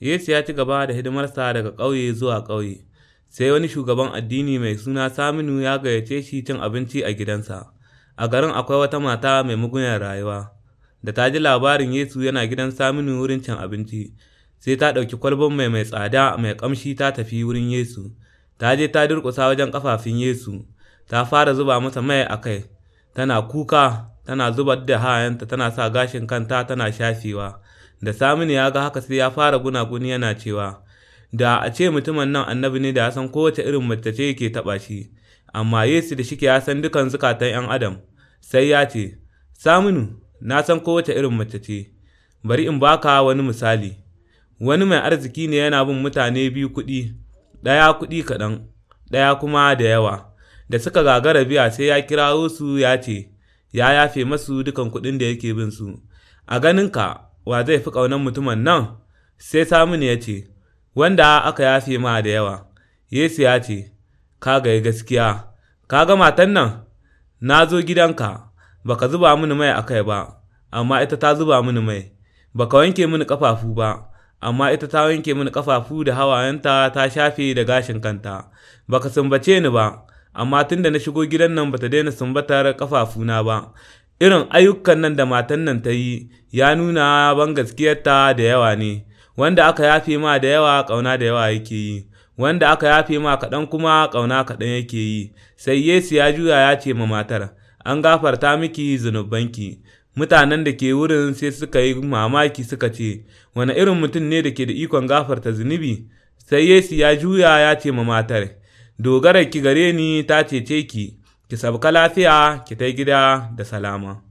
Yesu ya ci gaba da hidimarsa daga ƙauye zuwa ƙauye, sai wani shugaban addini mai suna Saminu ya gayyace shi cin abinci a gidansa. A garin akwai wata mata mai mugunyar rayuwa, da ta ji labarin Yesu yana gidan Saminu wurin cin abinci, sai ta ɗauki kwalban mai mai tsada mai ƙamshi ta tafi wurin Yesu, ta je ta durƙusa wajen ƙafafun Yesu, ta fara zuba masa mai a kai, tana kuka, tana zubar da hayanta, tana sa gashin kanta, tana shafewa. Da Saminu ya ga haka sai ya fara gunaguni yana cewa, Da a ce mutumin nan annabi ne da ya san kowace irin mace ce yake taɓa shi, amma Yesu da shike ya san dukan zukatan ‘yan Adam, sai ya ce, Saminu, na san kowace irin mace bari in baka wani misali, wani mai arziki ne yana bin mutane biyu kuɗi, ɗaya kuɗi kaɗan, ɗaya kuma da yawa, da suka gagara biya sai ya kirawo su ya ce, ya yafe masu dukan kuɗin da yake bin su, a ganinka wa zai fi ƙaunar mutumin nan? Sai Saminu ya ce, Wanda aka yafe ma da yawa, Yesu ya ce, Ka ga gaskiya, ka ga matan nan, na zo gidanka, baka zuba mini mai a ba, amma ita ta zuba mini mai, baka wanke mini ƙafafu ba, amma ita ta wanke mini ƙafafu da hawayenta ta shafe da gashin kanta, baka sumbace ni ba, amma tun da na shigo gidan nan bata daina sumbatar ƙafafuna ba, Irin ayyukan nan da matan nan ta yi ya nuna ban gaskiyarta da yawa ne, wanda aka yafe ma da yawa ƙauna da yawa yake yi, wanda aka yafe ma kaɗan kuma ƙauna kaɗan yake yi, sai Yesu ya juya ya ce ma matar, An gafarta miki zunubanki. Mutanen da ke wurin sai suka yi mamaki suka ce, Wani irin mutum ne da ke da ikon gafarta zunubi? Sai Yesu ya juya ya ce ma matar, Dogara ki gare ni ta cece ki, ki ka lafiya ki ta gida da salama